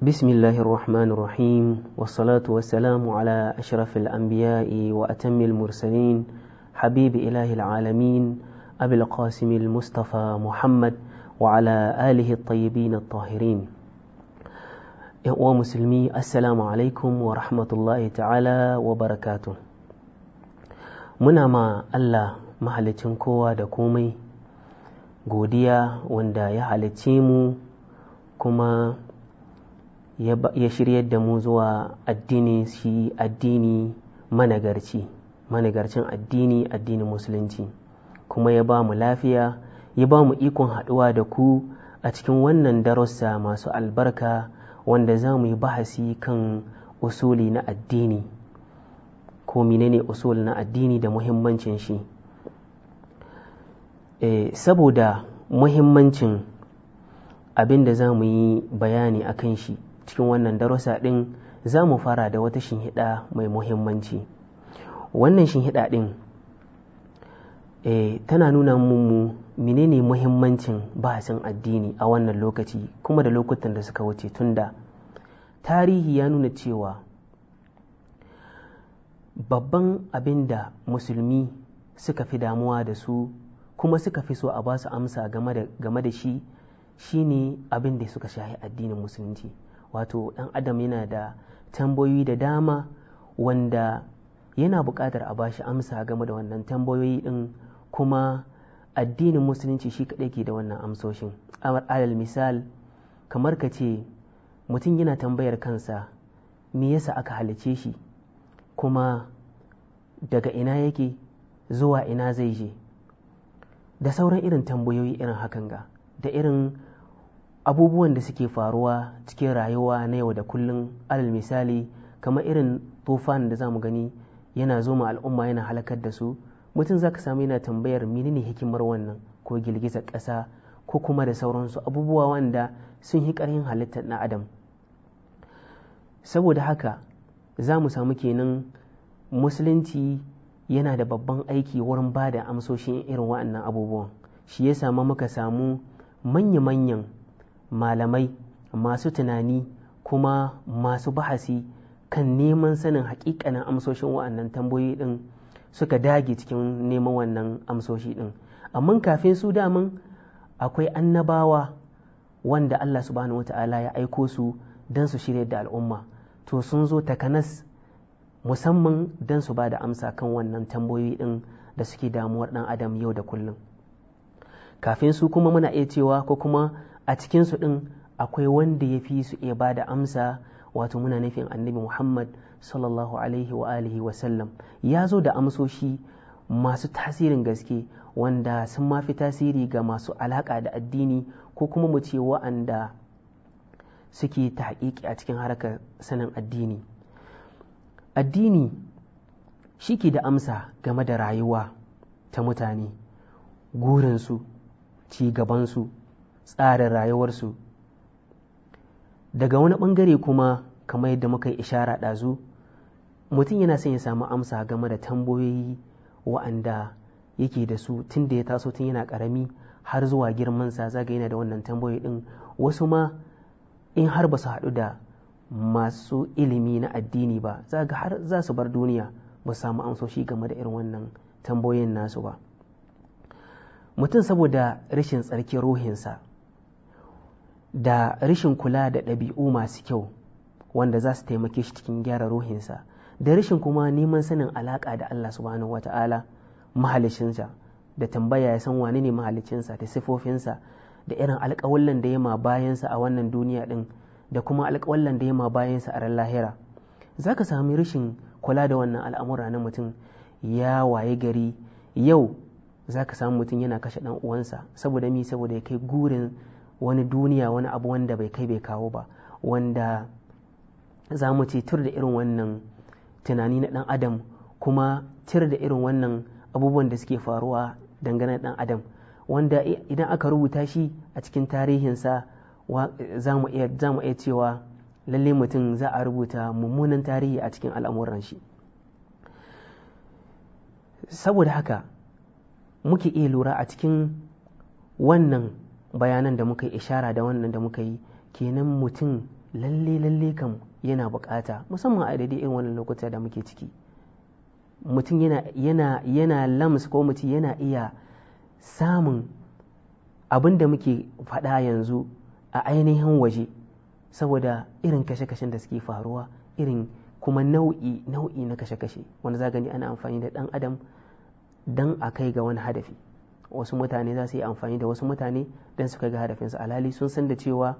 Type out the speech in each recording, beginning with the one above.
بسم الله الرحمن الرحيم والصلاة والسلام على أشرف الأنبياء وأتم المرسلين حبيب إله العالمين أبي القاسم المصطفى محمد وعلى آله الطيبين الطاهرين يقوى مسلمي السلام عليكم ورحمة الله تعالى وبركاته منا ما الله mahalicin kowa da komai godiya wanda ya halicce mu kuma ya shiryar da mu zuwa addini shi addini managarci managarcin addini addinin musulunci kuma ya ba mu lafiya ya ba mu ikon haɗuwa da ku a cikin wannan darussa masu albarka wanda za mu yi bahasi kan usuli na addini ko menene usul na addini da muhimmancin shi e, saboda muhimmancin abin da za mu yi bayani a kan shi cikin wannan darussa ɗin za mu fara da wata shinhiɗa mai muhimmanci wannan shinhiɗa ɗin e, tana nuna mu menene muhimmancin bahasin addini a wannan lokaci kuma da lokutan da suka wuce tunda tarihi ya nuna cewa babban abin da musulmi suka fi damuwa da su kuma suka fi so a ba su amsa game da shi shine abin da suka shahi addinin musulunci wato ɗan adam yana da tambayoyi da dama wanda yana buƙatar a bashi amsa game da wannan tambayoyi ɗin kuma addinin musulunci shi kaɗai ke da wannan amsoshin alal misal kamar ka ce mutum yana tambayar kansa me yasa aka halice shi kuma daga ina yake zuwa ina zai je da sauran irin tambayoyi irin hakan ga da irin abubuwan da suke faruwa cikin rayuwa na yau da kullum alal misali kamar irin tufan da zamu gani yana zo ma al'umma yana halakar da su mutum za ka samu yana tambayar menene hikimar wannan ko girgizar ƙasa ko kuma da sauransu abubuwa wanda sun yi ƙarhin halittar na adam saboda haka za mu samu kenan musulunci yana da babban aiki wurin ba da amsoshin irin waɗannan abubuwan shi ya samu muka samu manya-manyan malamai masu tunani kuma masu bahasi kan neman sanin hakikanin amsoshin wa'annan tambayoyi din suka dage cikin neman wannan amsoshi din amma kafin su mun, akwai annabawa wanda Allah subhanahu wata'ala ya aiko su don su shirya da al'umma to sun zo takanas musamman don su ba da amsa kan wannan tambayoyi din da suke damuwar dan adam yau da kullum kafin su kuma muna iya cewa ko kuma a cikinsu ɗin akwai wanda ya fi su iya ba da amsa wato muna nufin annabi muhammad sallallahu alaihi wa alihi wa sallam ya zo da amsoshi masu tasirin gaske wanda sun mafi tasiri ga masu alaƙa da addini ko kuma mu ce wa'anda suke ta haƙiƙi a cikin harkar sanin addini addini shi ke da amsa game da rayuwa ta mutane gurinsu ci gabansu tsarin rayuwarsu daga wani ɓangare kuma kamar yadda muka yi ishara ɗazu mutum yana son ya samu amsa game da tambayoyi wa'anda yake da su tun da ya taso tun yana ƙarami har zuwa girmansa zaga yana da wannan tambayoyi ɗin wasu ma in har ba su haɗu da masu ilimi na addini ba zaga har za su bar duniya ba su samu amsoshi game da irin wannan tambayoyin nasu ba mutum saboda rashin tsarki ruhinsa da rashin kula da ɗabi'u masu kyau wanda za su taimake shi cikin gyara ruhinsa da rashin kuma neman sanin alaƙa da Allah subhanahu wata'ala mahalicinsa da tambaya ya san wani ne mahalicinsa da sifofinsa da irin alƙawallan da ya ma bayansa a wannan duniya ɗin da kuma alƙawallan da ya ma bayansa a ran lahira za ka sami rashin kula da wannan al'amura na mutum ya waye gari yau za ka samu mutum yana kashe ɗan uwansa saboda mi saboda ya kai gurin wani duniya wani abu wanda bai kai bai kawo ba wanda za mu ce tur da irin wannan tunani na ɗan adam kuma tur da irin wannan abubuwan da suke faruwa dangane da ɗan adam wanda idan aka rubuta shi a cikin tarihinsa za mu iya cewa lalle mutum za a rubuta mummunan tarihi a cikin al'amuran shi saboda haka muke iya lura a cikin wannan bayanan da muka yi ishara da wannan da muka yi kenan mutum lalle lalle kam yana bukata musamman a daidai irin wannan lokuta da muke ciki mutum yana yana lams ko mutum yana iya samun abin da muke faɗa yanzu a ainihin waje saboda irin kashe-kashen da suke faruwa irin kuma nau'i nau'i na kashe-kashe wanda za gani ana amfani da ɗan adam don a kai ga wani hadafi wasu mutane za su yi amfani da wasu mutane don su kai ga hadafinsu alhali sun san da cewa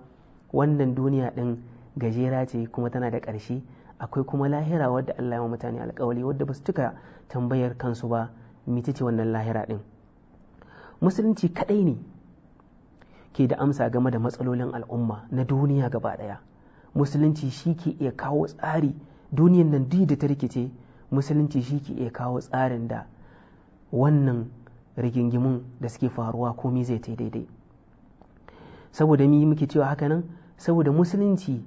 wannan duniya ɗin gajera ce kuma tana da ƙarshe akwai kuma lahira wadda Allah ya mutane alƙawali wadda ba su cika tambayar kansu ba mita ce wannan lahira ɗin musulunci kaɗai ne ke da amsa game da matsalolin al'umma na duniya gaba ɗaya musulunci shi ke iya kawo tsari duniyan nan duk da ta rikice musulunci shi ke iya kawo tsarin da wannan rigingimun da suke faruwa komi zai ta daidai saboda mi muke cewa haka nan saboda musulunci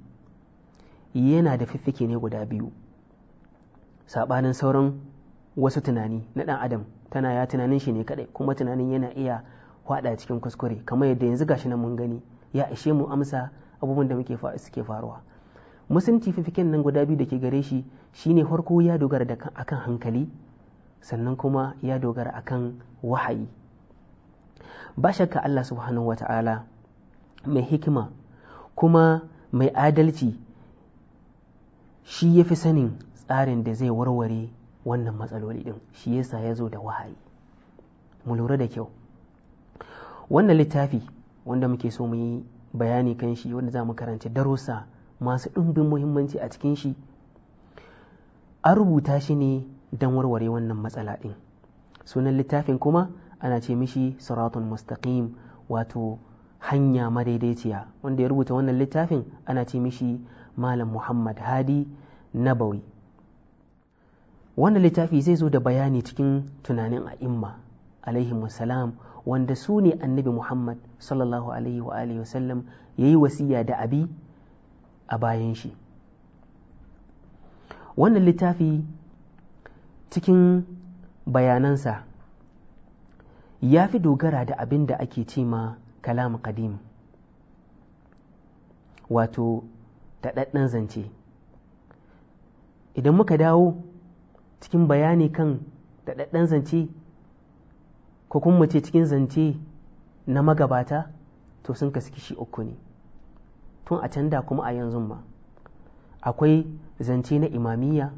yana da fiffike ne guda biyu saɓanin sauran wasu tunani na ɗan adam tana ya tunanin shi ne kaɗai kuma tunanin yana iya faɗa cikin kuskure kamar yadda yanzu gashi nan mun gani ya ishe mu amsa abubuwan da muke suke faruwa musulunci fifiken nan guda biyu da ke gare shi shine farko ya dogara da akan hankali sannan kuma ya dogara a kan wahayi ba shakka Allah subhanahu wata'ala mai hikima kuma mai adalci shi ya fi sanin tsarin da zai warware wannan matsaloli ɗin shi yasa ya zo da wahayi mu lura da kyau wannan littafi wanda muke so mu yi bayani kan shi wanda za mu karanta darussa masu ɗumbin muhimmanci a cikin shi an rubuta shi ne don warware wannan matsala ɗin sunan littafin kuma ana ce mishi siratun mustaqim wato hanya madaidaiciya wanda ya rubuta wannan littafin ana ce mishi malam muhammad hadi na nabawi wannan littafi zai zo da bayani cikin tunanin a'imma alaihi wasalam wanda su ne annabi muhammad sallallahu alaihi wa alihi wasallam ya yi wasiya da abi a bayan shi wannan littafi cikin bayanansa ya fi dogara da abin da ake ce ma kalam kadim wato daɗaɗɗen zance idan muka dawo cikin bayani kan daɗaɗɗen zance ko kuma mu ce cikin zance na magabata to sun ka suke shi uku ne tun a can da kuma a yanzu ma akwai zance na imamiyya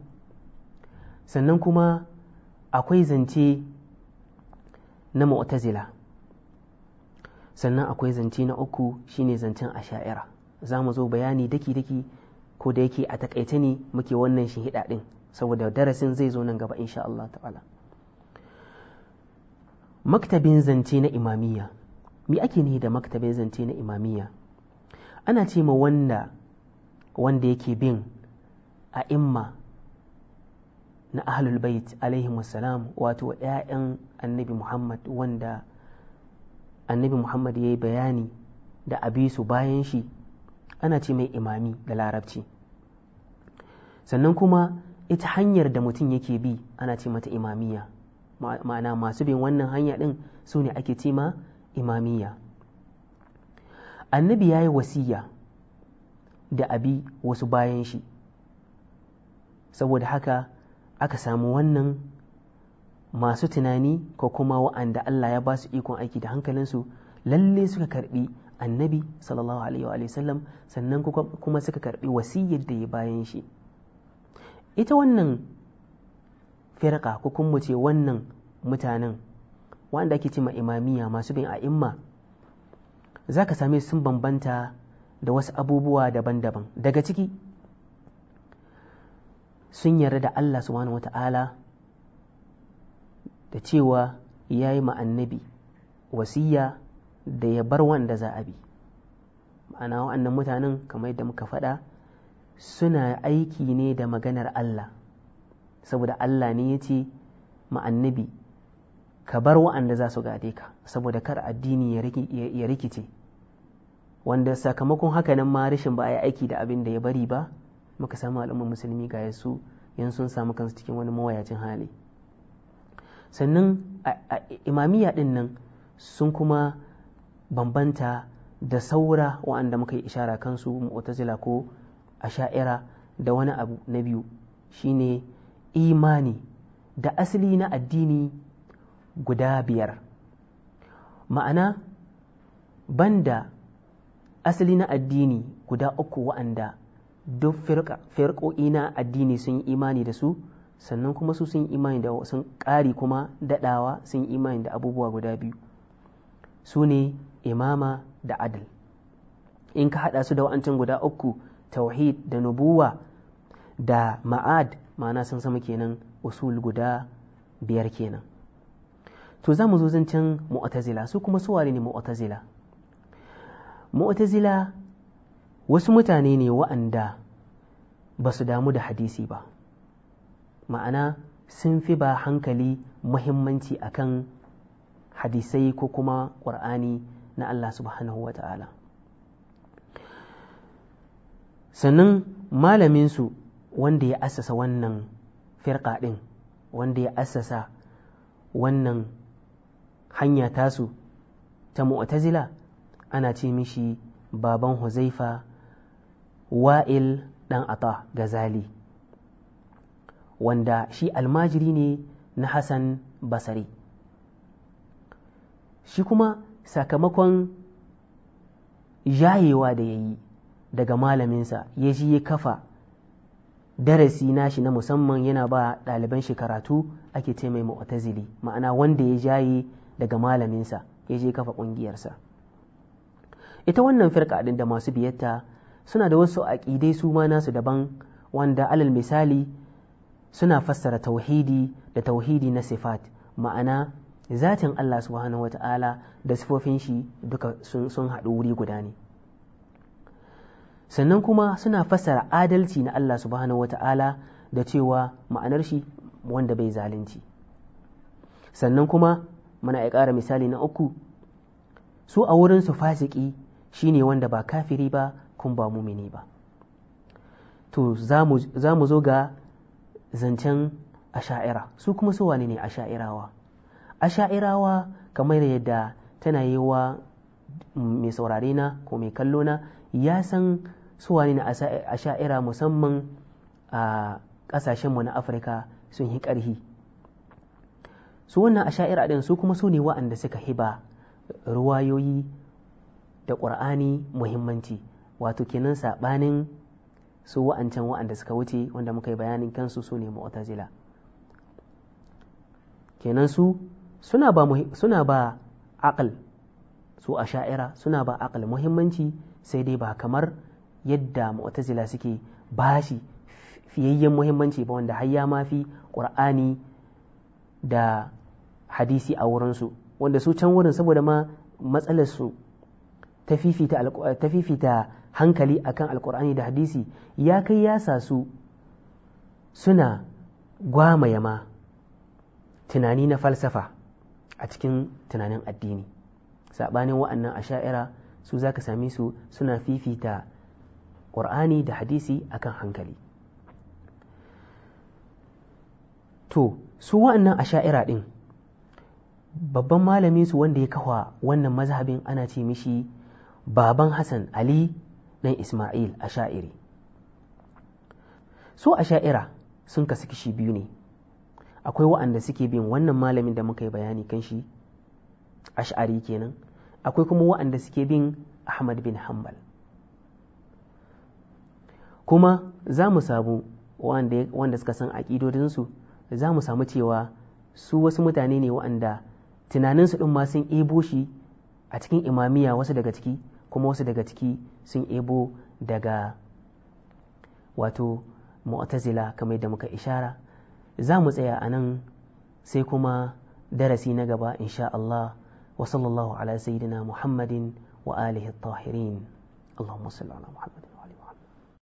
sannan kuma akwai zance na mu'tazila sannan akwai zance na uku shine zancen asha'ira za mu zo bayani daki-daki ko da yake a takaice ne muke wannan shi ɗin saboda darasin zai zo nan gaba insha Allah ta'ala maktabin zance na imamiyya mi ake ne da maktabin zance na imamiyya ana ce ma wanda wanda yake bin a imma na ahlul bait alaihi wasalam wato ‘ya'yan annabi muhammad wanda annabi muhammad ya yi bayani da abisu bayan shi ana ce mai imami da larabci sannan kuma ita hanyar da mutum yake bi ana ce mata imamiya ma'ana masu bin wannan hanya ɗin su ne ake ce ma imamiya annabi ya yi wasiya da abi wasu bayan shi saboda haka aka samu wannan masu tunani ko kuma wa'anda Allah ya ba su ikon aiki da hankalinsu lalle suka karbi annabi sallallahu alaihi wa sallam sannan kuma suka karbi wasiyyar da ya bayan shi ita wannan firka ko kuma ce wannan mutanen wanda ake ma imamiya masu bin a'imma za ka same sun bambanta da wasu abubuwa daban-daban daga ciki sun yarda da Allah subhanahu ta'ala da cewa ya yi ma'annabi wasiya da ya bar wanda za a bi ma'ana wa'annan mutanen kamar yadda muka faɗa suna aiki ne da maganar Allah saboda Allah ne ya ce ma'annabi ka bar wa'anda za su gade ka saboda kar addini ya rikice wanda sakamakon hakanan ma rashin ba a yi aiki da abin da ya bari ba muka samu al'ummar musulmi ga yasu yan sun samu kansu cikin wani mawayacin hali sannan imamiyya din nan sun kuma bambanta da saura wa'anda muka yi ishara kansu mu'tazila ko asha'ira da wani abu na biyu shine imani da asali na addini guda biyar ma'ana banda asali na addini guda uku wa'anda duk firƙoƙi na addini sun yi imani da su sannan kuma su sun imani da sun ƙari kuma daɗawa sun imani da abubuwa guda biyu su ne imama da adal in ka haɗa su da wa'ancin guda uku tauhid da nubuwa da ma'ad ma'ana sun sama kenan usul guda biyar kenan to za mu zo zancen mu'tazila su kuma su ne mu'tazila mu'tazila wasu mutane ne wa'anda ba su damu da hadisi ba ma'ana sun fi ba hankali muhimmanci kan hadisai ko kuma ƙur'ani na Allah subhanahu wa ta'ala sannan malaminsu wanda ya assasa wannan firka ɗin wanda ya assasa wannan hanya tasu ta mu'tazila ana ce mishi baban huzaifa wa'il ɗan ata gazali wanda shi almajiri ne na hassan basari shi kuma sakamakon jayewa da ya yi daga malaminsa ya ji ya kafa darasi nashi na musamman yana ba ɗaliban shi karatu ake ce mai mu'tazili ma'ana wanda ya jaye daga malaminsa ya je kafa ƙungiyarsa ita wannan firka ɗin da masu biyarta suna da wasu aƙidai su ma nasu daban wanda alal misali suna fassara tauhidi da tauhidi na sifat ma'ana zatin Allah subhanahu wa da sifofin shi duka sun haɗu wuri guda ne sannan kuma suna fassara adalci na Allah subhanahu wa da cewa ma'anar shi wanda bai zalunci sannan kuma muna ya ƙara misali na uku su a wurin su fasiki shine wanda ba kafiri ba kun ba mumini ba to za mu zo ga zancen asha'ira su kuma su wane ne asha'irawa asha'irawa kamar yadda tana yi wa mai saurare na ko mai kallo na ya san su wane ne asha'ira musamman a ƙasashenmu na afirka sun yi ƙarhi su wannan asha'ira din su kuma su ne wa'anda suka hiba ruwayoyi da ƙur'ani muhimmanci wato kenan saɓanin su wa'ancan wa'anda suka wuce wanda muka yi bayanin kansu su ne mu'tazila kenan su suna ba suna su a sha'ira suna ba aql muhimmanci sai dai ba kamar yadda mu'tazila suke bashi fiyayyen muhimmanci ba wanda har ya mafi qur'ani da hadisi a wurinsu wanda su can wurin saboda ma matsalarsu ta fifita hankali akan alkur'ani da hadisi ya kai ya sasu suna gwamaya ma tunani na falsafa a cikin tunanin addini saɓanin wa'annan a sha'ira su za ka same su suna fifita ƙur'ani da hadisi akan hankali to su wa'annan a sha'ira ɗin babban malamin su wanda ya kafa wannan mazhabin ana ce mishi baban hassan ali ɗan Ismail a sha'iri. Su a sha'ira sun kasu kishi biyu ne, akwai wa'anda suke bin wannan malamin da muka yi bayani kan shi, ash'ari kenan, akwai kuma wa'anda suke bin Ahmad bin Hanbal. Kuma za mu samu wanda suka san aƙidodinsu za mu samu cewa su wasu mutane ne wa'anda tunaninsu ɗin ma sun ebo shi a cikin imamiya wasu daga ciki kuma wasu daga ciki sun ebo daga wato mu'tazila kamar da muka ishara za mu tsaya a nan sai kuma darasi na gaba insha Allah wa sallallahu ala sayyidina Muhammadin wa alihi tahirin Allahumma salli ala Muhammadin